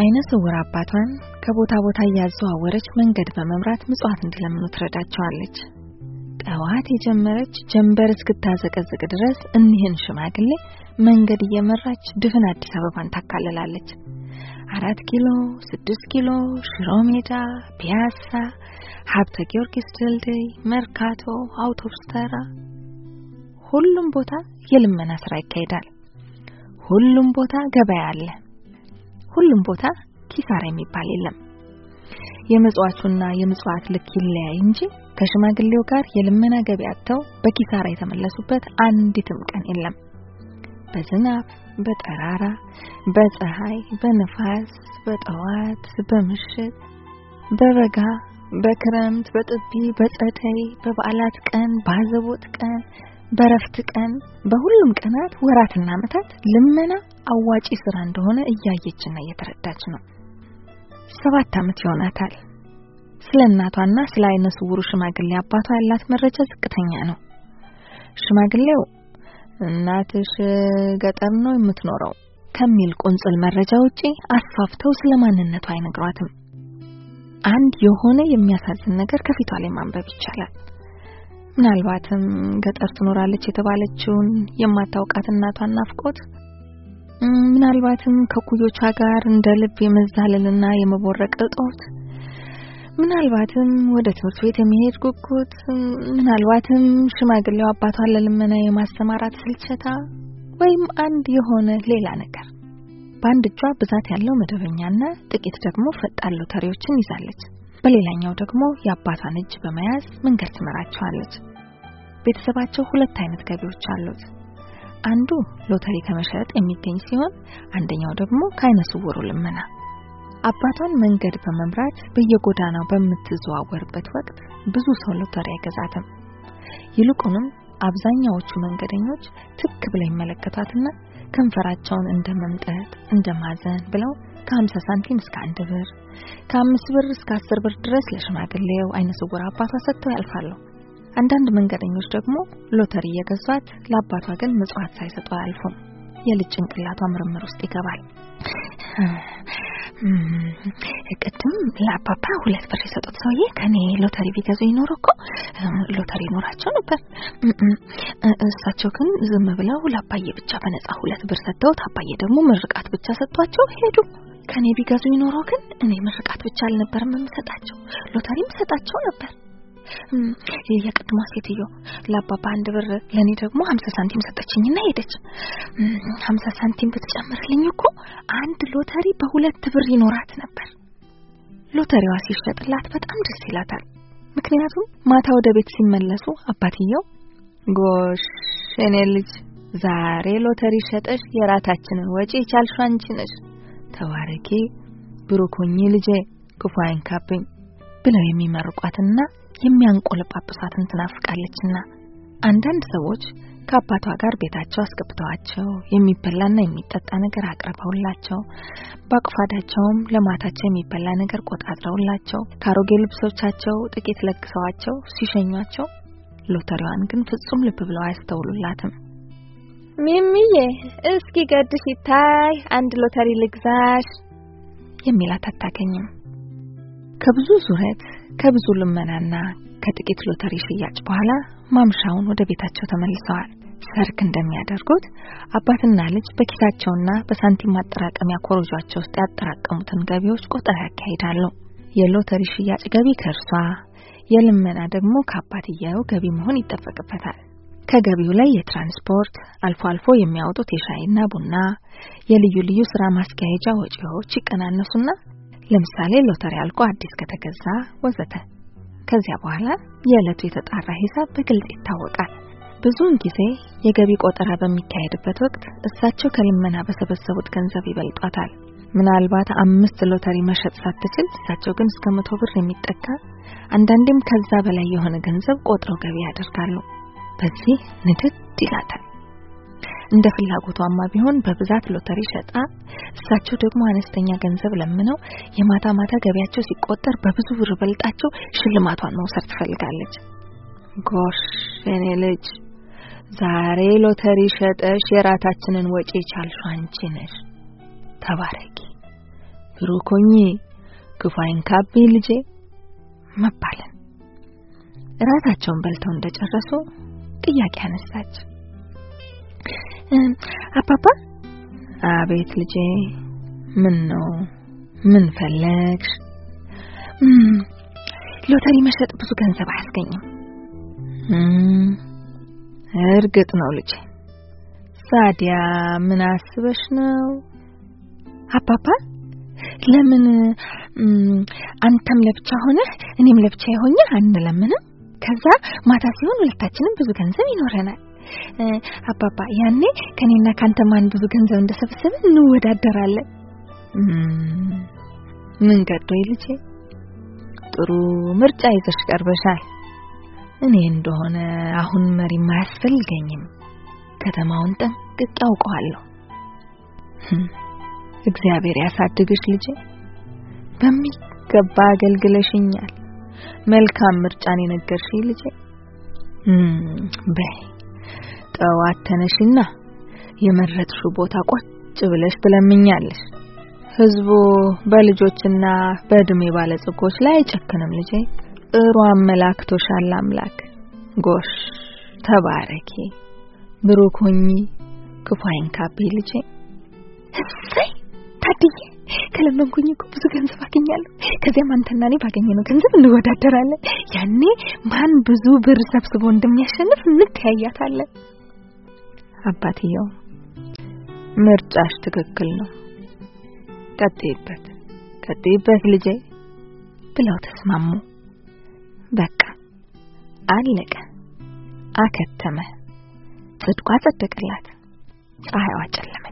አይነ ስውር አባቷን ከቦታ ቦታ እያዘዋወረች መንገድ በመምራት ምጽዋት እንዲለምኑ ትረዳቸዋለች። ጠዋት የጀመረች ጀንበር እስክታዘቀዝቅ ድረስ እኒህን ሽማግሌ መንገድ እየመራች ድፍን አዲስ አበባን ታካልላለች። አራት ኪሎ፣ ስድስት ኪሎ፣ ሽሮ ሜዳ፣ ፒያሳ፣ ሀብተ ጊዮርጊስ ድልድይ፣ መርካቶ፣ አውቶብስ ተራ፣ ሁሉም ቦታ የልመና ስራ ይካሄዳል። ሁሉም ቦታ ገበያ አለ። ሁሉም ቦታ ኪሳራ የሚባል የለም። የመጽዋቹና የመጽዋት ልክ ይለያይ እንጂ ከሽማግሌው ጋር የልመና ገቢ አጥተው በኪሳራ የተመለሱበት አንዲትም ቀን የለም። በዝናብ፣ በጠራራ፣ በፀሐይ፣ በንፋስ፣ በጠዋት፣ በምሽት፣ በበጋ፣ በክረምት፣ በጥቢ፣ በጸደይ፣ በበዓላት ቀን፣ በአዘቦት ቀን፣ በረፍት ቀን፣ በሁሉም ቀናት፣ ወራትና አመታት ልመና አዋጪ ስራ እንደሆነ እያየችና እየተረዳች ነው። ሰባት አመት ይሆናታል። ስለ እናቷና ስለ አይነ ስውሩ ሽማግሌ አባቷ ያላት መረጃ ዝቅተኛ ነው። ሽማግሌው እናትሽ ገጠር ነው የምትኖረው ከሚል ቁንጽል መረጃ ውጪ አስፋፍተው ስለ ማንነቷ አይነግሯትም። አንድ የሆነ የሚያሳዝን ነገር ከፊቷ ላይ ማንበብ ይቻላል። ምናልባትም ገጠር ትኖራለች የተባለችውን የማታውቃት እናቷን ናፍቆት፣ ምናልባትም ከኩዮቿ ጋር እንደ ልብ የመዛለልና የመቦረቅ እጦት፣ ምናልባትም ወደ ትምህርት ቤት የሚሄድ ጉጉት፣ ምናልባትም ሽማግሌው አባቷን ለልመና የማሰማራት ስልቸታ ወይም አንድ የሆነ ሌላ ነገር። በአንድ እጇ ብዛት ያለው መደበኛና ጥቂት ደግሞ ፈጣን ሎተሪዎችን ይዛለች። በሌላኛው ደግሞ የአባቷን እጅ በመያዝ መንገድ ትመራቸዋለች። ቤተሰባቸው ሁለት አይነት ገቢዎች አሉት። አንዱ ሎተሪ ከመሸጥ የሚገኝ ሲሆን፣ አንደኛው ደግሞ ከአይነ ስውሩ ልመና። አባቷን መንገድ በመምራት በየጎዳናው በምትዘዋወርበት ወቅት ብዙ ሰው ሎተሪ አይገዛትም። ይልቁንም አብዛኛዎቹ መንገደኞች ትክ ብለው ይመለከቷትና ከንፈራቸውን እንደመምጠጥ እንደማዘን ብለው ከ50 ሳንቲም እስከ አንድ ብር ከአምስት ብር እስከ አስር ብር ድረስ ለሽማግሌው አይነ ስውር አባቷ ሰጥተው ያልፋሉ። አንዳንድ መንገደኞች ደግሞ ሎተሪ እየገዟት ለአባቷ ግን ምጽዋት ሳይሰጡ አያልፉም። የልጅ ጭንቅላቷ ምርምር ውስጥ ይገባል። ቅድም ለአባባ ሁለት ብር የሰጡት ሰውዬ ከኔ ሎተሪ ቢገዙ ይኖር እኮ ሎተሪ ይኖራቸው ነበር። እሳቸው ግን ዝም ብለው ለአባዬ ብቻ በነጻ ሁለት ብር ሰጥተውት አባዬ ደግሞ ምርቃት ብቻ ሰጥቷቸው ሄዱ ከኔ ቢገዙ ይኖሮ ግን እኔ ምርቃት ብቻ አልነበርም የምሰጣቸው፣ ሎተሪም ሰጣቸው ነበር። የቅድሟ ሴትዮ ለአባባ አንድ ብር ለእኔ ደግሞ ሀምሳ ሳንቲም ሰጠችኝና ሄደች። ሀምሳ ሳንቲም ብትጨምርልኝ እኮ አንድ ሎተሪ በሁለት ብር ይኖራት ነበር። ሎተሪዋ ሲሸጥላት በጣም ደስ ይላታል። ምክንያቱም ማታ ወደ ቤት ሲመለሱ አባትየው ጎሽ የኔ ልጅ ዛሬ ሎተሪ ሸጠሽ የራታችንን ወጪ የቻልሽው አንቺ ነሽ ተባረኬ፣ ብሩክ ልጄ፣ ክፉ አይንካብኝ ብለው የሚመርቋትና የሚያንቆለጳጵሷትን ትናፍቃለችና አንዳንድ ሰዎች ከአባቷ ጋር ቤታቸው አስገብተዋቸው የሚበላና የሚጠጣ ነገር አቅርበውላቸው በአቁፋዳቸውም ለማታቸው የሚበላ ነገር ቆጣጥረውላቸው ከአሮጌ ልብሶቻቸው ጥቂት ለግሰዋቸው ሲሸኟቸው ሎተሪዋን ግን ፍጹም ልብ ብለው አያስተውሉላትም። ሚሚዬ እስኪ ገድሽ ይታይ አንድ ሎተሪ ልግዛሽ የሚላት አታገኝም። ከብዙ ዙረት ከብዙ ልመናና ከጥቂት ሎተሪ ሽያጭ በኋላ ማምሻውን ወደ ቤታቸው ተመልሰዋል። ሰርክ እንደሚያደርጉት አባትና ልጅ በኪሳቸውና በሳንቲም ማጠራቀሚያ ኮረጆአቸው ውስጥ ያጠራቀሙትን ገቢዎች ቆጠራ ያካሂዳሉ። የሎተሪ ሽያጭ ገቢ ከእርሷ፣ የልመና ደግሞ ከአባትየው ገቢ መሆን ይጠበቅበታል። ከገቢው ላይ የትራንስፖርት አልፎ አልፎ የሚያወጡት የሻይና ቡና የልዩ ልዩ ስራ ማስኪያጃ ወጪዎች ይቀናነሱና ለምሳሌ ሎተሪ አልቆ አዲስ ከተገዛ ወዘተ። ከዚያ በኋላ የዕለቱ የተጣራ ሂሳብ በግልጽ ይታወቃል። ብዙውን ጊዜ የገቢ ቆጠራ በሚካሄድበት ወቅት እሳቸው ከልመና በሰበሰቡት ገንዘብ ይበልጧታል። ምናልባት አምስት ሎተሪ መሸጥ ሳትችል እሳቸው ግን እስከ መቶ ብር የሚጠጋ አንዳንዴም ከዛ በላይ የሆነ ገንዘብ ቆጥረው ገቢ ያደርጋሉ። በዚህ ንድት ይላታል። እንደ ፍላጎቷማ ቢሆን በብዛት ሎተሪ ሸጣ፣ እሳቸው ደግሞ አነስተኛ ገንዘብ ለምነው የማታ ማታ ገቢያቸው ሲቆጠር በብዙ ብር በልጣቸው ሽልማቷን መውሰድ ትፈልጋለች። ጎሽ የኔ ልጅ ዛሬ ሎተሪ ሸጠሽ የራታችንን ወጪ የቻልሽው አንቺ ነሽ። ተባረኪ፣ ብሩክ ክፋይን ካቢ አይንካብኝ ልጄ መባልን እራታቸውን በልተው እንደጨረሱ ጥያቄ አነሳች። አባባ አቤት ልጄ፣ ምን ነው? ምን ፈለግሽ? ሎተሪ መሸጥ ብዙ ገንዘብ አያስገኝም። እርግጥ ነው ልጄ። ሳዲያ ምን አስበሽ ነው? አባባ ለምን አንተም ለብቻ ሆነህ እኔም ለብቻ የሆኘ አንለምንም? ከዛ ማታ ሲሆን ሁለታችንም ብዙ ገንዘብ ይኖረናል። አባባ ያኔ ከኔና ካንተ ማን ብዙ ገንዘብ እንደሰበሰብን እንወዳደራለን። ምን ገዶይ ልጄ፣ ጥሩ ምርጫ ይዘሽ ቀርበሻል። እኔ እንደሆነ አሁን መሪም አያስፈልገኝም። ከተማውን ጠንቅቄ አውቀዋለሁ። እግዚአብሔር ያሳድግሽ ልጄ። በሚገባ አገልግለሽኛል። መልካም ምርጫን የነገርሽ ልጄ። በይ ጠዋት ተነሽና የመረጥሽው ቦታ ቆጭ ብለሽ ትለምኛለሽ። ህዝቡ በልጆችና በእድሜ ባለጸጎች ላይ አይጨክንም ልጄ። ጥሩ አመላክቶሻል አምላክ። ጎሽ ተባረኪ፣ ብሩክ ሁኚ፣ ክፉ አይንካብኝ ልጄ። እሰይ ታድዬ ከለመንኩኝ እኮ ብዙ ገንዘብ አገኛለሁ። ከዚያም አንተና እኔ ባገኘነው ገንዘብ እንወዳደራለን። ያኔ ማን ብዙ ብር ሰብስቦ እንደሚያሸንፍ እንተያያታለን። አባትየው ምርጫሽ ትክክል ነው፣ ቀጥይበት፣ ቀጥይበት ልጄ ብለው ተስማሙ። በቃ አለቀ፣ አከተመ። ጽድቋ ጸደቀላት፣ ፀሐይዋ ጨለመ።